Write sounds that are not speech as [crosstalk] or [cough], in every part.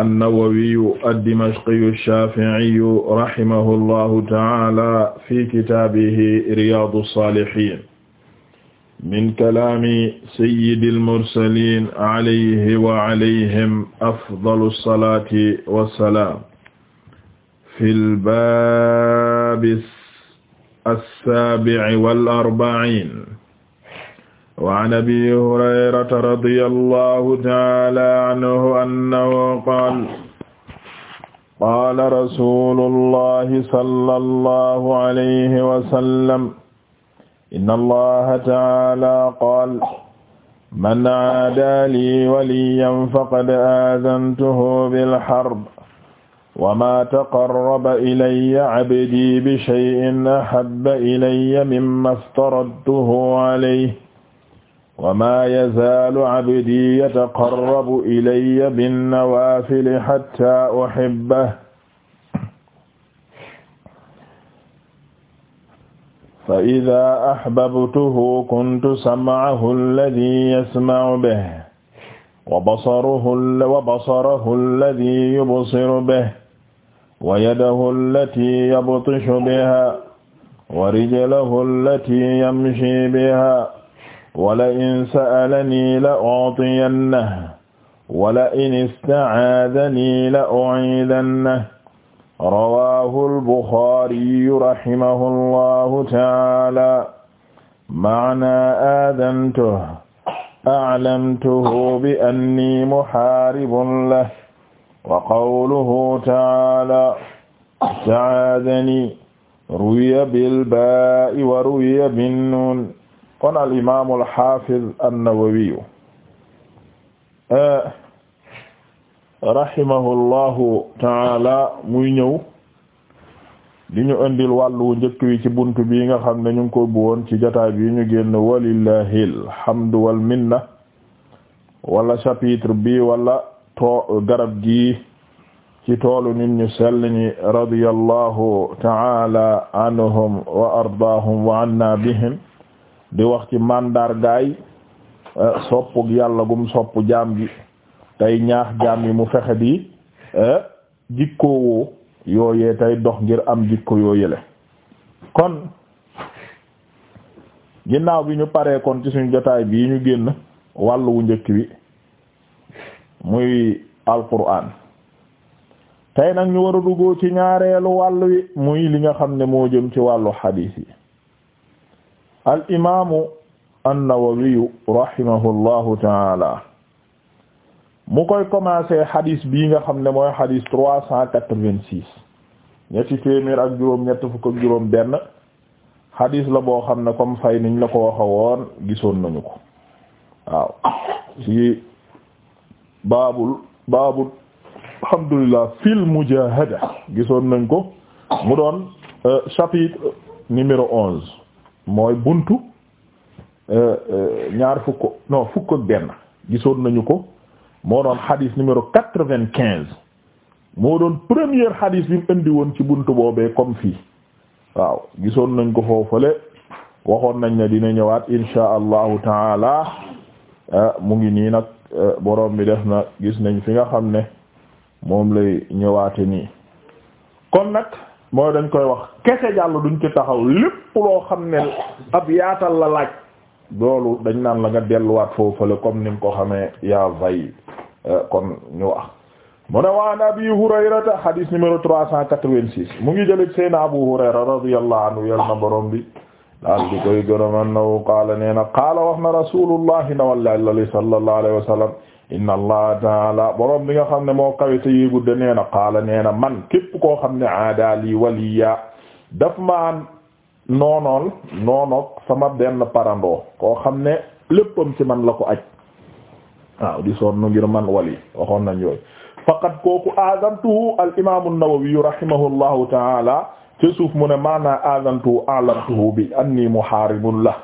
an-Nawawiyu ad-Dimashqiyu ash-Shafi'iyu rahimahullahu ta'ala fi kitaabihi Riyaadu s-Saalihiin min kalaami sayyidil mursaliin alayhi wa alayhim afdalu salaati wa salaam fil baabi as-saabi'i wal arba'iin waan abi hurayrata radiyallahu taala anhu annahu qaala qaala rasuulullahi sallallahu alayhi wa sallam inna allaha taala qaala man aada lii waliyan faqad aadantuhu bilharb wa maa taqarraba ilayya cabdii bishay'in ahabba ilayya mimma aftaradtuhu alayhi wama yazaalu abdi yataqarrabu ilayya binnawaafili hatta uhibbahu fa idaa ahbabtuhu kuntu sam'ahu alladhii yasma'u bihi wa basarahu alladhii yubsiru bihi wa yadahu allatii yabtishu bihaa wa rijluhu allatii yamshii bihaa wala in sa'alani la u'tiyannahu wala in ista'aadani la u'iidannahu rawaahu al-Buxaariyu rahimahu llahu ta'aala ma'naa aadantuhu a'lamtuhu bi annii muhaaribun lahu wa qawluhu ta'aala ista'aadanii ruwiya bil baa'i wa ruwiya bin nuun kon al imaam al haafiz an eh, taala muy ñëw di ñu indil wàllu njëkk wi ci bunt bi nga xam ne ñu ko buwoon ci jotaay bi ñu génn walillahil hamdu wal minna wala chapitre bi wala too garab gi ci toolu nit ñu sell ñi radiyallahu taala anhum wa ardaahum wa anna bihim di wax ci mandargaay eh, soppug yàlla gum sopp jaam gi tey ñaax jaam yi mu fexe bi eh, jikkoowoo yooyee tey dox ngir am jikko yoo kon ginnaaw bi ñu paree kon ci suñu jotaay bii ñu génn wàll wu njëkk bi muy alquran tey nag ñu war duggoo ci ñaareelu wàll wi muy li nga xam ne moo jëm ci wàllu xadiis yi al imaamu an-Nawawiyu rahimahullahu taala mu koy commencé hadis bii nga xam ne mooy hadis trois cent quatre-vingt-six ñetti téeméer ak juróom ñett fukk ak juróom benn hadis la boo xam ne comme fay niñ la ko waxe woon gisoon nañu ko waaw ci baabul baabul alhamdulillah fil mujahada gisoon nañ ko mu doon euh, chapitre numéro onze mooy buntu euh, euh, ñaar fukk non fukk ak benn gisoon nañu ko moo doon xadis numéro quatre-vingt-quinze moo doon première xadis bi mu indi woon ci buntu boobee comme fii waaw gisoon nañ ko foofale waxoon nañ ne dina ñëwaat insha allahu taala euh, mu ngi nii nag borom bi def na gis nañ fi nga xam ne moom lay ñëwaate nii kon nag mooy dañ koy wax kese jàll duñ ci taxaw lépp loo xam ne ab yaatal la laaj loolu dañ naan la nga delluwaat foofale comme ni nga ko xamee yaa vay euh, kon ñu wax mu ne waan abi hurayrata hadith numéro trois cent quatre-vingt-six mu ngi jëleg seyna abu hurayra radiyallahu anhu yal na borom bi daal di koy gërëm annahu qaala nee na qaala wax na rasulullahi ndawal lallali sallallahu alayhi wa sallam inna allah taala borom bi nga xam ne moo kawite yéegudde nee na qaala nee na man képp koo xam ne aadali waliya daf ma noonool noonoog sama benn parandoo koo xam ne léppam si man la ko aj waaw di sonn ngir man wali waxoon nañ yooyu faqad kooku aazantuhu al imaamu an-Nawawi taala ca suuf mu ne maana azantu alamtuhu bi anni muharibun la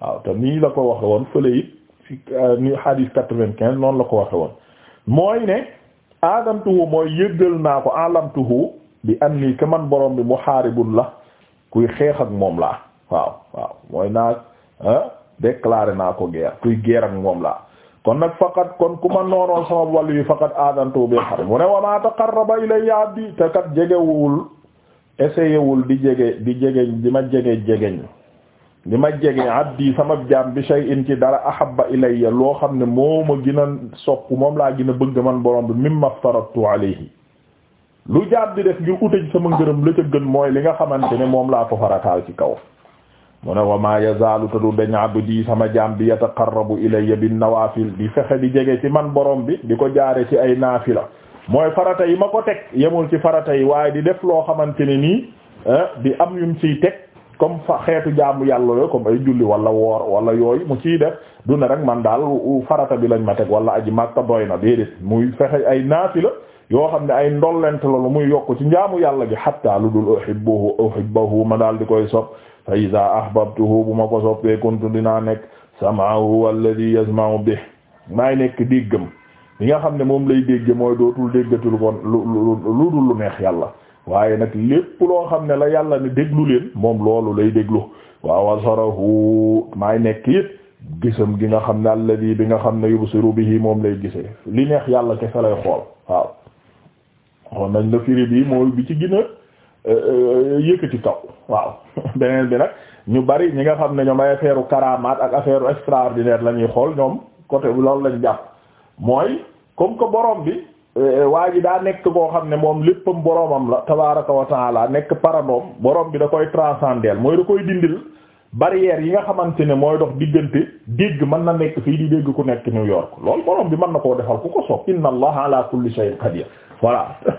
waaw te nii la ko waxe woon fële it fi euh, ni quatre-vingt-quinze noonu la ko waxe woon mooy ne azantuhu mooy yëggal naa ko alamtuhu bi anni ka man borom bi muharibun la kuy xeex ak moom la waaw waaw mooy naa déclaré naa ko guerre kuy guerre ak moom laa kon nag faqat kon ku ma noonoon sama wàllu yi faqat azantuhu bi xarb mu ne wa ma taqarraba ilayya abdi te kat jegewul essayewul di jege di jegeñ di ma jege jegeñ di ma jege abdi sama jaam bi shay'in ci dara ahabba ilayya loo xam ne moom ma gën a moom laa gina a bëgg man borom bi min aftaratu alayhi lu jaam di def ngir ute sama ngërëm la ca gën mooy li nga xamante ne moom laa ko farataal ci kaw mu ne wa maa yazaalu te du dañ abdi sama jaam bi yataqarrabu ilayya bin nawaafil di fexe di jege ci man borom bi di ko jaare ci ay naafila mooy farata yi ma ko teg yemul ci farata yi waaye di def loo xamante ne nii eh, di am yum ciy teg comme xeetu jaamu yàlla yooyu comme ay julli wala woor wala yooyu mu ciy def du ne rek man daal farata bi lañ ma teg wala aji màkka doy na déedéet muy fexe ay naafila yoo xam ne ay ndollent la lu muy yokk ci njaamu yàlla gi hatta lu dul uhibbuhu uhibbuhu ma daal di koy sop fa iza ahbabtuhu bu ma ko soppee kuntu dinaa nekk sam'ahu alladhi yasma'u bih maay nekk diggam li nga xam ne moom lay dégge mooy dootul déggati lu bon lu lu dul lu neex yàlla waaye nag lépp loo xam ne la yàlla ne déglu leen moom loolu lay déglu waaw wasarahu maay nekk it gisam gi nga xam ne alladi bi nga xam ne yubsiru bihi moom lay gise li neex yàlla kese lay xool waaw nañ la bi mooy bi ci gina euh, euh, yëkkati kaw waaw [laughs] beneen bi nag ñu bari ñi nga xam ne ñoom ay affaire u ak affaire extraordinaire la ñuy xool ñoom côté loolu lañu jàpp mooy comme que borom bi eh, waa ji daa nekk koo xam ne moom léppam boromam la tabaraka wa taala nekk parandoom borom bi da koy transcender mooy da koy dindil barrière yi nga xamante ne mooy dox diggante dégg mën na nekk fii di dégg ku nekk New York loolu borom bi mën na koo defal ku ko soob inna allaha ala kulli shay'in qadir voilà [laughs]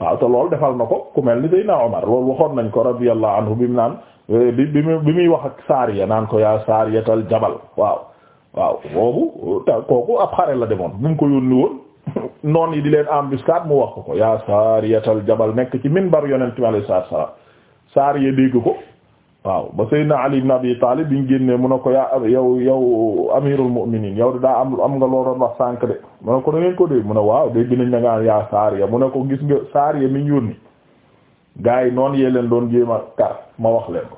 waaw te loolu defal na ko ku mel ni Seydina Omar loolu waxoon nañ ko radiyallahu anhu bi mu naan eh, bi bi muy wax ak Saariya naan ko yaa Saariyatal jabal waaw boobu ta kooku ab xare la demoon bu mu ko yónni woon [laughs] noon yi di leen embuscade mu wax ko ko yaa saariyatal jabal nekk ci minbar yonent mi alayhi salaatu wa dégg ko waaw ba Seydina Ali ibn Abi Talib biñ génnee mu ne ko yaa yow yow amirul mu'minin yow daa am am nga loo wax sànq de mu ne ko da ngeen ko dégg mu ne waaw dégg nañ na ngaan yaa saariya mu ne ko gis nga saariya mi ñu yónni gars yi noon yee leen doon jéem a kar ma wax leen ko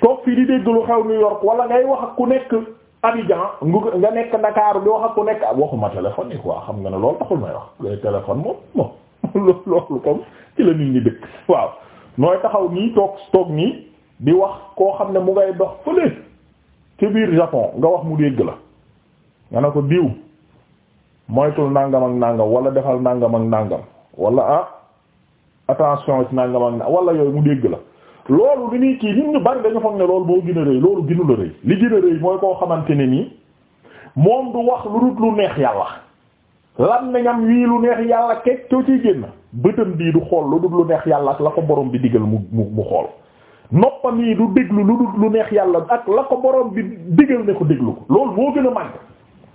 toog fii di dégg lu xew New York wala ngay wax ak ku nekk Abidjan nga nekk Dakar di wax ak ku nekk waxuma téléphone yi quoi xam nga ne loolu taxul may wax les téléphones moom moom [laughs] loolu waaw nooy taxaw nii toog toog nii di wax koo xam ne mu ngay dox fële ci biir Japon nga wax mu dégg la nga ne ko diw moytul nàngam ak nàngam wala defal nàngam ak nàngam wala ah attention ci ak nàngam wala yooyu mu dégg la loolu li ñuy kii nit ñu bari dañu foog ne loolu moo gën a rëy loolu gënu la li gën a rëy mooy koo xamante ne nii moom du wax lu dul lu neex yàlla lan nañam wii lu neex yàlla bii du xool lu dul lu neex yàlla ak la ko borom bi digal mu xool noppam yi du déglu lu neex yàlla ak la ko bi digal ne ko déglu ko loolu moo gën a màgg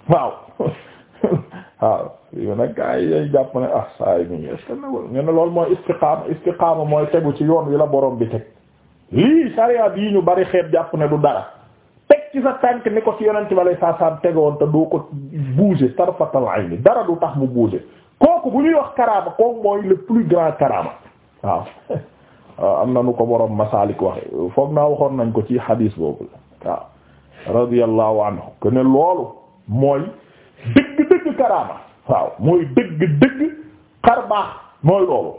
waaw [laughs] waaw yow nag gars yi dañuy jàpp ne ah saa yu ñu est-ce que loolu mooy istiqaama istiqaama mooy tegu ci yoon wi la borom bi teg. lii sariya bii ñu bari xeet jàpp ne du dara teg ci sa tànk ni ko ci yonent bi alay saa saam tegoon te doo ko bouger tarfatal ayni dara du tax mu bouger kooku bu ñuy wax karaama kooku mooy le plus grand karaama waaw am na nu ko borom masaalik waxe foog naa waxoon nañ ko ci hadis boobu waaw radiyallahu anhu que ne loolu mooy dëgg-dëgg karaama waaw mooy dëgg-dëgg xar baax mooy loolu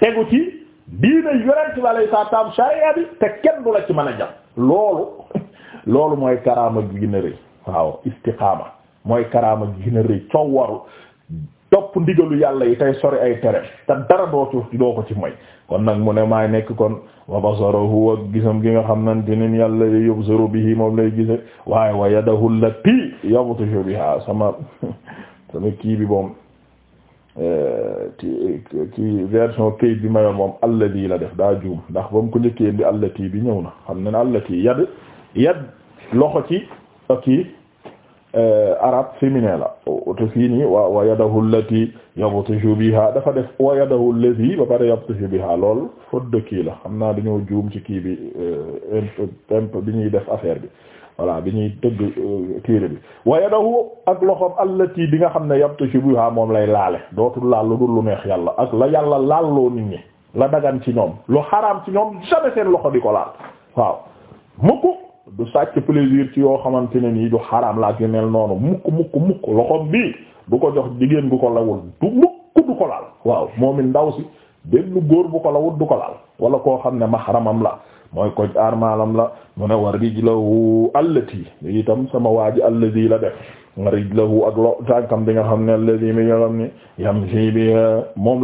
tegu ci diine yonent bi alayhi salaam sharia bi te kenn du la ci mën a jàpp loolu loolu mooy karaama gi gën a rëy waaw istiqaama mooy karaama gi gën rëy coow waru topp ndigalu yàlla yi tey sori ay tere te dara doo ci doo ko ci moy kon nag mu ne maay nekk kon wa basarahu ak gisam gi nga xam nante nin yàlla y yubsiru bihi moom lay gise waaye wa yadahu allati yabtashu biha sama [laughs] sama kii bi boom Euh, ci ci version kayit bi mayoon moom allati la def daa juum ndax ba mu ko njëkkee bi allati bi ñëw na xam ne ne allati yad yad loxo ci kii euh, arab féminin la te fii nii wa wa yadahu allati yabtashu biha dafa def wa yadahu allati ba pare yabtashu biha lool faute de kii la xam naa dañoo juum ci kii bi euh, imp bi ñuy def affaire bi voilà bi ñuy tëgg euh, téere bi waaye dahu ak loxoom allati bi nga xam ne yabtu ci biha moom lay laale dootul laal lu dul lu neex yàlla ak la yàlla laalloo nit ñi la dagan ci ñoom lu xaraam ci ñoom jamais seen loxo di ko laal waaw mukk du sàcc plaisir ci yoo xamante ne nii du xaraam la ak yu mel noonu mukk mukk mukk loxoom bii du ko jox jigéen bu ko lawul du mukk du ko laal waaw moom it ndaw si benn góor bu ko lawul du ko laal wala koo xam ne maxaramam la mooy koj armalam la mu ne wa rijlahu allati itam sama waaji alladi la def wa nga xam ne alladi mi nga xam ne yamsi bi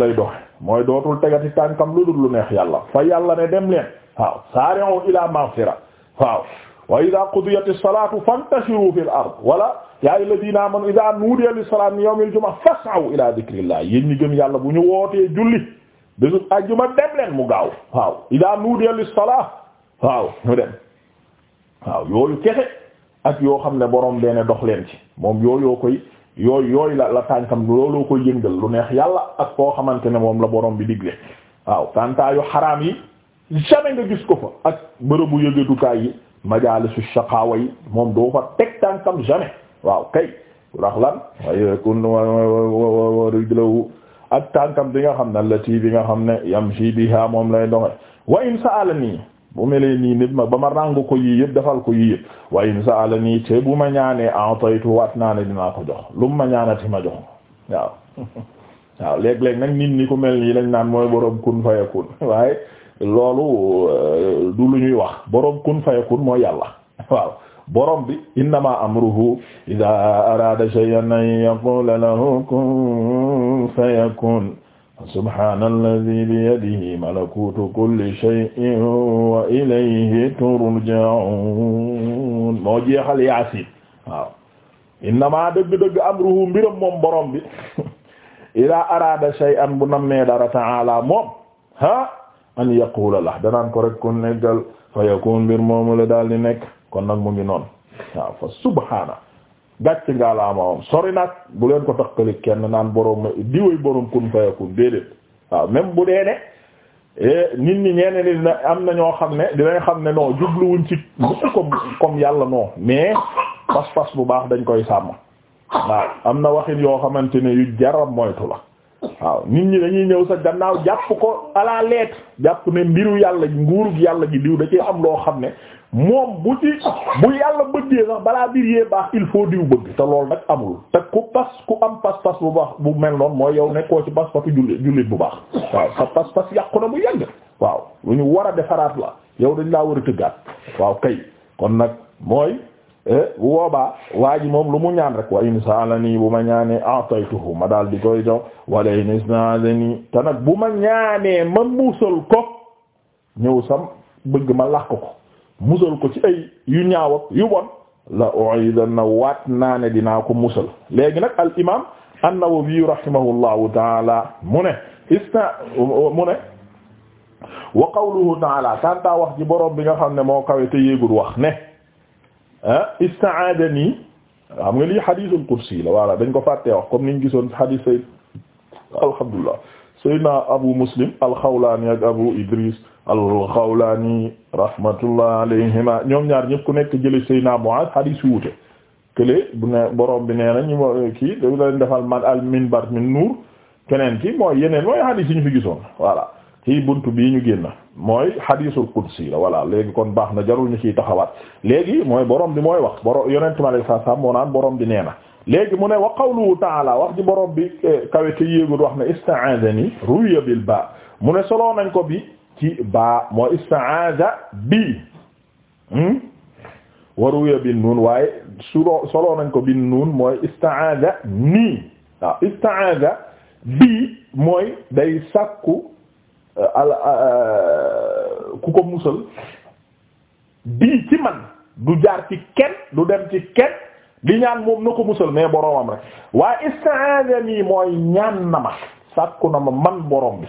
lay doxe mooy dootul tegati tànkam lu dul lu neex yàlla fa yàlla ne dem leen waaw sari'u ila maghfira waaw wa ida qudiyati salatu fantashiru fil ard wala ya ayyuhalladhina amanu ida nudiya lis-salati min yawmil jumu'ati fas'aw ila dhikrillah yéen ñi gëm yàlla bu ñu wootee julli bésub ajjuma dem leen mu gaaw waaw idaa nuudiya lis waaw ñu dem waaw yooyu kese ak yoo xam ne boroom benn dox leen ci moom yooyoo koy yooyu yooyu la la tànkam looloo koy yëngal lu neex yàlla ak koo xamante ne moom la boroom bi digle waaw tàntaayu xaraam yi jamais nga gis ko fa ak bërëbu yëgatukaay yi majaalisu shaqaawa yi moom doo fa teg tànkam jamais waaw kay ndax lan waaye kun wa wa wa ak tànkam bi nga xam ne la allati bi nga xam ne yamshi biha moom lay doxe wa in sa'alani bu melee nii nit ma ba ma ràng ko yii yëpp defal ko yii yëpp wa in sa'alani te bu ma ñaanee a'taytu waat naa ne dinaa ko jox lu mu ma ñaanati ma jox waaw [laughs] waaw léeg-léeg nag nit ñi ku mel nii lañ naan mooy borom kun fayakun [laughs] waaye loolu euh, du lu ñuy wax borom kun fayakun moo yàlla [laughs] waaw borom bi innama amruhu idaa araada shay'an an yaqula lahu kun fayakun subhaanallazii biyadihi malakuutu kulli shay'in wa ilayhi turja'uun moo jeexal yaasin waaw innama dëgg-dëgg amruhu mbiram moom borom bi [laughs] idaa araada shay'an bu nammee dara ta'aala moom ha an yaqula la danaan ko rek kun neggal fayakun mbir moomu la daal di nekk kon nag mu ngi noonu waaw fa subhaana gàcc ngaa laa moom sori nag bu leen ko takkali kenn naan borom diwéy borom kun fayakun déedéet waaw même bu dee ne eh, nit ñi ñeneen ni am na ñoo xam ne dinañ xam ne non jubluwuñ ci comme comme yàlla noo mais pas-pas bu baax dañ koy sàmm waaw am na waxin yoo xamante ne yu jaram moytu la waaw nit ñi dañuy ñëw sa gannaaw jàpp ko à la jàpp ne mbiru yàlla ji nguurug yàlla ji diw da ci am loo xam ne moom bu ci bu yàlla bëggee sax balaa biir yee baax il faut diw bëgg te loolu nag amul te ku pas ku am pas-pas bu baax bu mel noonu mooy yow nekkoo ci pas-pasu bu baax waaw sa pas-pas yàqu na yàgg waaw lu ñu war a defaraat la yow dañ laa war a tëggaat waaw kay kon nag mooy eh, bu boobaa waa ji moom lu mu ñaan rek wa in saalani bu ma ñaanee ataytuhu ma daal di koy jox wala in ista'azani te nag bu ma ñaanee ma muusal ko ñëw sam bëgg ma làq ko musal ko ci ay yu ñaaw ak yu bon la u'idanna waat naa ne dinaa ko musal léegi nag al imam an-Nawawi rahimahullahu taala mu ne ista mu ne wa qawluhu taala kanta wax ji boroom bi nga xam ne moo kawe te yéegul wax ne istaadani xam nga lii hadithul qudsi la wala dañ ko fàttee wax comme niñ gisoon hadith say alhamdulillah Seydina Abu Muslim al-Xawlaani ak Abu Idris al-Xawlaani rahmatullah alayhima ñoom ñaar ñëpp ku nekk jële Seydina Muaaz hadiis yu wuute kële bu ne borom bi nee na ñu kii da leen defal man al minbar min nuur keneen ki mooy yeneen mooy hadiis yi ñu fi gisoon voilà ci buntu bii ñu génn mooy hadiisul qudsi la voilà léegi kon baax na jarul ñu ciy taxawaat léegi mooy borom bi mooy wax borom yonent mi alayhi salaam moo naan borom bi nee na léegi mu ne wa qawluhu ta'ala wax ji borom bi eh, kawe te yéegul wax ne ista'adani ruya bil ba mu ne soloo nañ ko bi ci ba moo ista'aza bi hmm? wa ruya bin nuun waaye suroo soloo nañ ko bin nuun mooy ista'aza nii waaw ista'aza bi mooy day sàkku eh, al eh, ku ko musal bii ci man du jaar ci kenn du dem ci kenn li ñaan moom na ko musal mais boromam rek waaye isti'aazani mooy ñaan na ma sàkku na ma man borom bi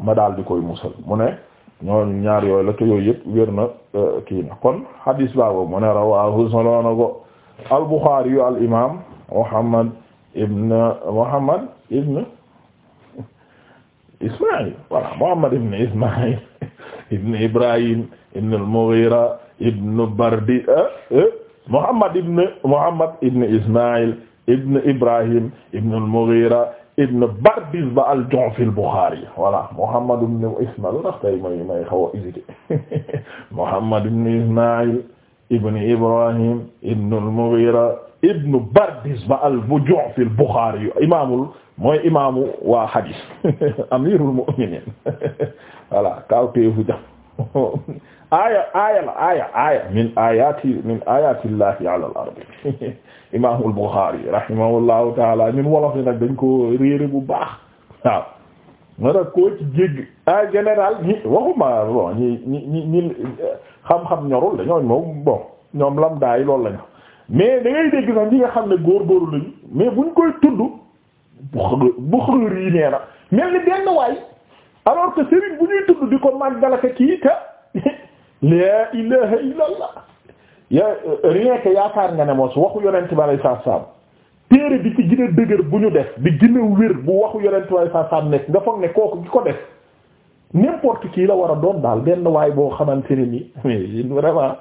ma daal di koy musal mu ne ñooñu ñaar yooyu la te yooyu yëpp wér euh, kii na kon hadis baabu mu ne rawaahu solo na ko al Bukhari al imaam Muhammad ibn Muhammad ibn Ismaïl [laughs] ibn Ibrahim ibn al-Mughira ibn Bardi euh, euh, Muhammad ibn Muhammad ibn Ismaïl ibn Ibrahim ibn al-Mughira ibn Bardizba al-Ju'fi al-Bukhari voilà Muhammad ibn Ismaïl ndax tey may may xaw a hésité [laughs] Muhammad ibn Ismaïl ibn Ibrahim ibn al-Mughira ibn Bardizba al-Ju'fi al-Bukhari imaamul mooy imaamu waa hadis [laughs] amirul mu'minin [laughs] voilà kaw teefu jàpp aaya aaya la aaya aaya min ayati min ayati llahi ala al ard [laughs] imam al taala ñun wolof yi nag dañ ko réere bu baax waaw nga nag koo ci jégg en waxuma bon xam-xam ñorul la ñooñ moom bon ñoom lam daay loolu lañu mais da ngay dégg sax ñi nga xam ne góorgóorlu lañu mais buñ koy tudd bu Bukhari nee na mel ni benn waay alors que Serigne bu ñuy tudd di ko màggal ak kii te la ilaha illallah yaa rien yaakaar nga ne moos waxu yonent bi alay saa saam téere bi ci gën dëgër bu ñu def bi gën wér bu waxu yonent bi alay saa saam nekk nga foog ne kooku ki ko def n'importe qui la war a doon daal benn waay boo xamante ne ni [laughs] vraiment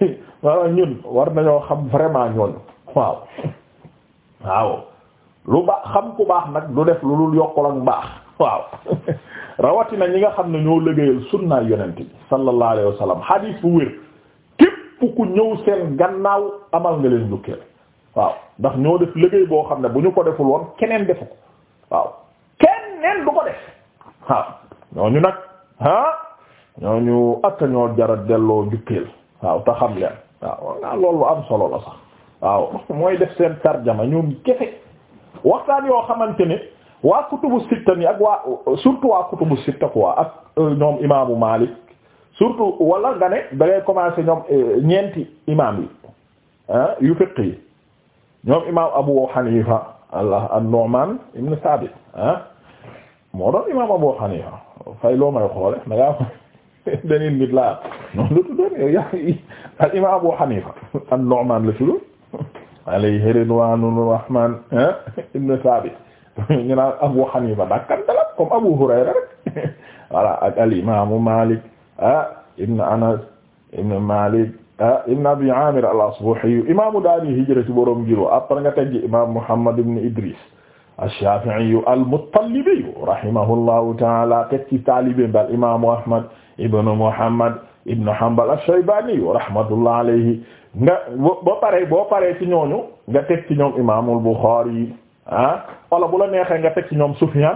[laughs] waaw ñun war nañoo xam vraiment ñooñu waaw [laughs] waaw lu baax xam ku baax nag du def lu lu yokkul ak baax waaw rawatina ñi nga xam ne ñoo liggéeyal sunnaay yonent bi sallallahu alayhi wa sallam hadith bu wér képp ku ñëw seen gannaaw amal nga leen njukkeel waaw ndax ñoo def liggéey boo xam ne bu ñu ko deful woon keneen defu ko waaw keneen du ko def waaw ñooñu nag ah ñooñu ak ñoo jara delloo njukkeel waaw te xam leen waaw naa loolu am solo la sax waaw mooy def seen tarjama ñoom kefe waxtaan yoo xamante ni waa kutubu sitta ni ak waa surtout waa kutubu sitta quoi ak euh, ñoom imaamu Malik surtout wala nga ne da commencer ñoom euh, ñeenti imaam yi ah yu yi ñoom imaam Abu Hanifa Allah an-Nu'man ibn Thabit ah moo doon imaam Abu Hanifa fay loo may xoole da ngaa [laughs] beneen nit laa noonu la tuddoon yow yaa [laughs] al imaam Abu Hanifa an-Nu'man la tuddoon [laughs] alayhi ridwaanur rahmaan ibn Thabit [laughs] ñu naan Abu Hanifa dakkantalam comme Abu Hurayra rek [laughs] voilà ak al imaamu Malik ah ibn Anas ibn Malik ah ibn Abi Amir al-Asbahi imaamu daari hijra ci borom giro après nga tegg imam Muhammad ibn Idris ash-Shafi'i al-Muttalibi rahimahullahu ta'ala teg ci taalibe bi al imaamu Ahmad ibn Muhammad ibn Hanbal ash-Shaybani rahmatullah alayhi nga boo paree boo paree ci ñooñu nga teg ci ñoom imaamul Bukhari ah wala bu la neexee nga teg ci ñoom Sufyan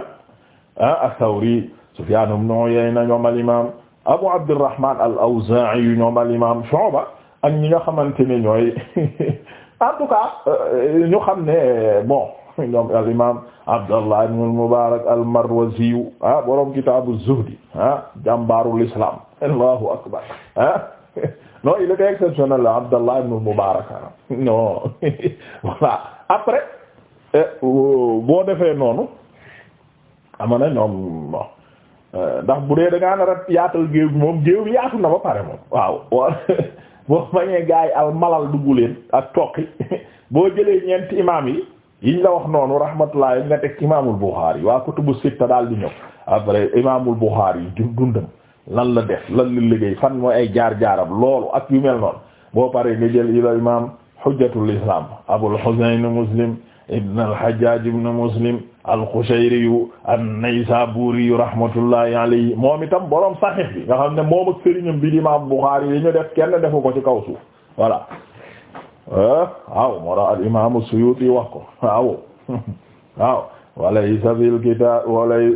ah as-Sawri Sufyan ibn Uyayna ñoom al imam Abu Abdurrahman al-Awza'i yu ñoom al imam Shu'ba ak ñi nga xamante ne ñooy [laughs] en euh, xam ne bon ñoom al imam Abdullah ibn al-Mubarak al-Marwazi ah borom kitaabu az-Zuhd ah akbar ah, [laughs] ah [laughs] après Eh, boo defee noonu ama na ñoom eh, ndax bu dee da ngaa yaatal géew bi moom géew bi yaatu na ba pare moom waaw waaw [laughs] boo bañee gaa yi al malal dugg leen ak toqi [laughs] boo jëlee ñeenti imaam yi yiñ la wax noonu rahmatullah nga teg imaamul Bukhari waa kutubu sitta daal di ñëw après imaamul Bukhari yi dundam lan la def lan la liggéey fan mooy ay jaar-jaaram loolu ak yu mel noonu boo paree nga jël ila imaam hujjatul islam Abul Husayn Muslim ibn al-Hajjaj ibn Muslim al-Qushayri an-Naysaburi rahmatullahi alayhi moom itam borom Sahih bi nga xam ne moom ak sëriñam bi di Imam Bukhari yi ñu def kenn defu ko ci kaw suuf voilà waaw moo tax al-Imam as-Suyuti wax ko waaw waaw walaysa fil kitab walay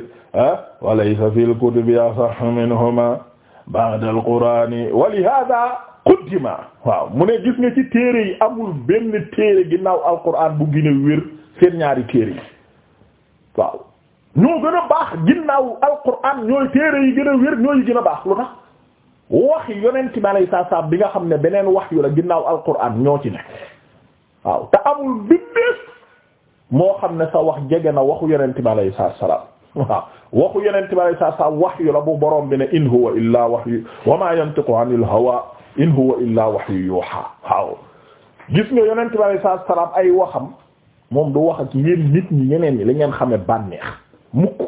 walaysa fil kutubi asahhu minhuma ba'da al-Qur'ani wa li hadha quddima waaw mu ne gis nga ci téere yi amul benn téere ginnaaw alquran bu gën a wér seen ñaari téere yi waaw ñoo gën a baax ginnaaw alquran ñooy téere yi gën a wér ñooy gën a baax lu tax wax yonent bi alayhi salaam nga xam ne beneen wax yu la ginnaaw alquran ñoo ci ne waaw te amul bindéef moo xam ne sa wax jege na waxu yonent bi alayhi salaam waaw waxu yonent bi alayhi salaam wax yu la bu borom bi ne in huwa illaa wahyu wa maa yantiqu anil hawaa in huwa illaa wahyu yuuhaa waaw gis nga yonent bi alayhi salaam ay waxam moom du wax ak yéen nit ñi ñeneen ñi li ngeen xamee bànneex mukk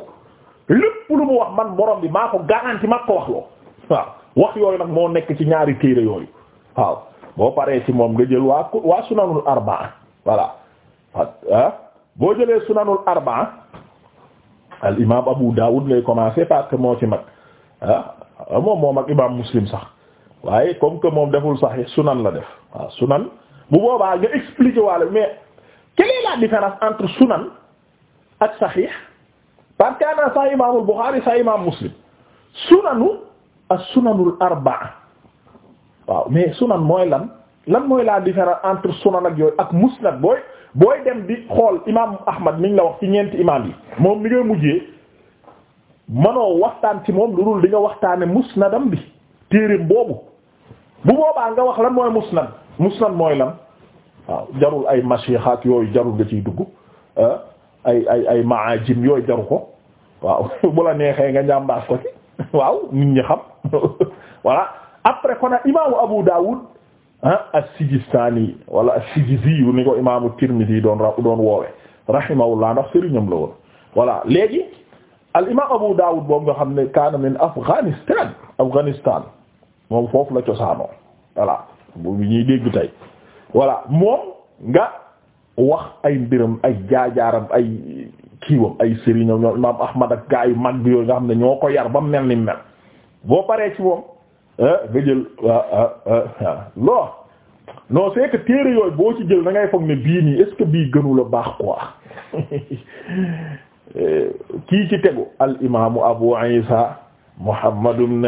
lépp lu mu wax man borom bi maa ko garanti maa ko wax loo waaw wax yooyu nag moo nekk ci ñaari téere yooyu waaw boo paree ci moom nga jël waa waa sunanul arbaa voilà ah. boo jëlee sunanul arbaa al imaam Abu Dawud lay commencer parce moo ci mag ah moom moom ak imaam Muslim sax. waaye comme que moom deful saxi sunan la def waaw sunan bu boobaa nga expliquer waale mais quelle est la différence entre sunan ak saxih parce que ana sa imaamul Buxaari sa imaam Muslim sunanu ak sunanul arbaa waaw mais sunan mooy lan lan mooy laa différence entre sunan ak yooyu ak musnad booy booy dem di xool imaamu Ahmad mi la wax ci ñeenti imaam yi moom mi ngay mujjee mënoo waxtaan ci moom lu dul di nga waxtaane musnadam bi téereem boobu bu boobaa nga wax lan mooy musnad musnad mooy lan waaw jarul ay mashihaat yooyu jarul nga ciy dugg ah, ay ay ay maajim yooyu jaru ko waaw [laughs] bu neexee nga njàmbaas ko ci [laughs] waaw nit ñi xam [laughs] voilà après kon a imaamu Abu Dawud ah as wala as-Sijizi yu ni ko imaamu Tirmidhi doon ra doon woowe rahimahullah ndax sëriñam la woon voilà léegi al imaam Abu Dawud boobu nga xam ne kaana min Afghanistan Afghanistan moom foofu la cosaanoo voilà bu ñuy dégg tey voilà moom nga wax ay mbiram ay jaajaaram ay kiiwam ay sëriñam ñoom imaam Ahmad ak gaa yu mag bi yooyu nga xam ne ñoo ko yar ba mel ni mel boo paree ci moom ah, nga loo ah, ah, non c'est téere yooyu boo ci jël da ngay foog ne bii nii est bii gënu la baax quoi [laughs] eh, kii ci tegu al Abu Isa Muhammad ibn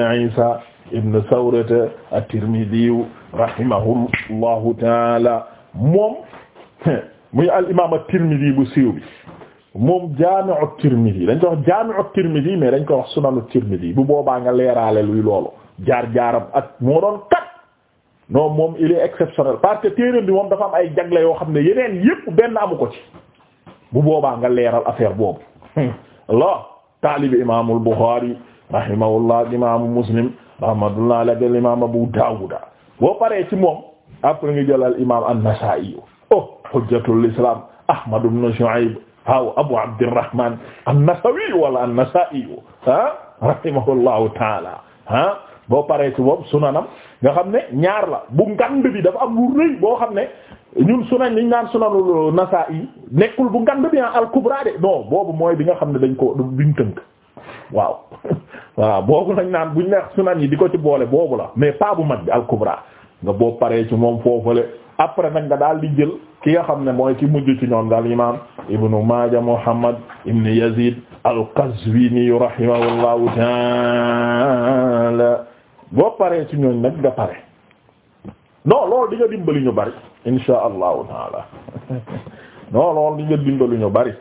ibn Sawrata at-Tirmidhi rahimahullahu taala moom muy al imaam at-Tirmidhi bu siiw bi moom Jaami' at-Tirmidhi dañ ko wax Jaami' at-Tirmidhi mais dañ ko wax Sunan at-Tirmidhi bu boobaa nga leeraale luy loolu jaar jaaram ak moo doon kat non moom il est exceptionnel parce que téere bi moom dafa am ay jagle yoo xam ne yeneen yépp benn amu ko ci bu boobaa nga leeral affaire boobu la [laughs] taalibi imaamul Bukhari rahimahullah imaamu Muslim rahmatullah ala jël imam Abu Dawuda boo paree ci moom après nga jëlal imam An-Nasa'i oh hujjatul islam Ahmad ibn Shu'ayb aw Abu Abdirrahman An-Nasawi wala An-Nasa'i ah rahimahullahu taala ah boo paree ci moom sunanam nga xam ne ñaar la bu ngand bi dafa am lu rëy boo xam ne ñun sunan liñ naan sunanul Nasa'i nekkul bu ngand bi ah al-kubra de non boobu mooy bi nga xam ne dañ ko duñ tënk waaw [laughs] waaw boobu nañ naan ñu neex sunan yi di ko ci boole boobu la mais pas bu mag bi al-kubra nga boo paree ci moom foofale après nag nga daal di jël ki nga xam ne mooy ki mujj ci ñoom daal imam ibnu maaja muhammad ibnu yazid al-qazwini rahimahullahu taala boo paree ci ñooñ nag nga pare non loolu di nga dimbali ñu bari insha allahu taala [laughs] non loolu di nga dimbali ñu bari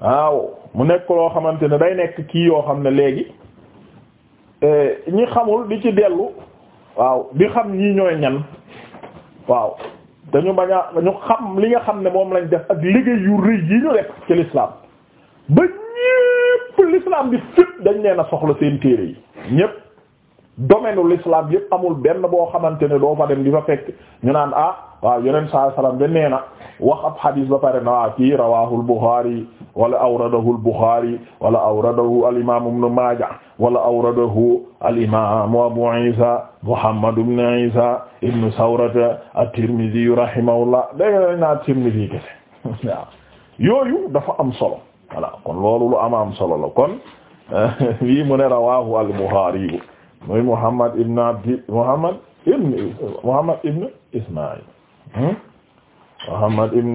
waaw mu nekk loo xamante ne day nekk kii yoo xam ne léegi Eh, ñi xamul di ci dellu waaw di xam ñii ñooy ñan waaw dañu bañ a ñu xam li nga xam ne moom lañ def ak liggéey yu rëy yi ñu def ci lislaam ba ñépp l'islam bi fépp dañ leen soxla seen téere yi ñépp domaine u l'islam yëpp amul benn boo xamante ne doo fa dem di fa fekk ñu naan ah waaw yeneen saa salaam de nee na wax ab hadis ba pare na waa kii rawaahul Bukhari wala awradahul Bukhari wala awradahu al imaam ibn Maaja wala awradahu al imaam Abu Isa Muhammad ibn Isa ibn Sawrata at-Tirmidhi rahimahullah dégg nga naa Tirmidhi kese [laughs] waaw yooyu dafa am solo voilà kon loolu am am solo la kon lii [laughs] mu ne rawaahu mooy Muhammad ibn Abdi Muhammad ibn Muhammad ibn Ismaïl hmm? Muhammad ibn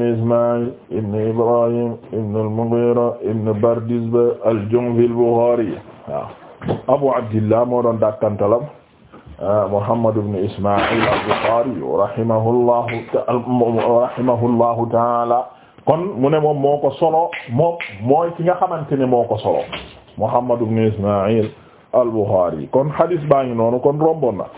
Ibrahim ibn al ibn Bardizbah al-Ju'fi al-Bukhari Abu Abdillah moo doon dakkantalam ah, Muhammad ibn Ismaïl al-Bukhari rahimahullahu rahimahullahu ta'ala kon mu ne moom moo Muhammad ibn Ismaïl al Bukhari kon hadis baa ngi noonu kon rombon na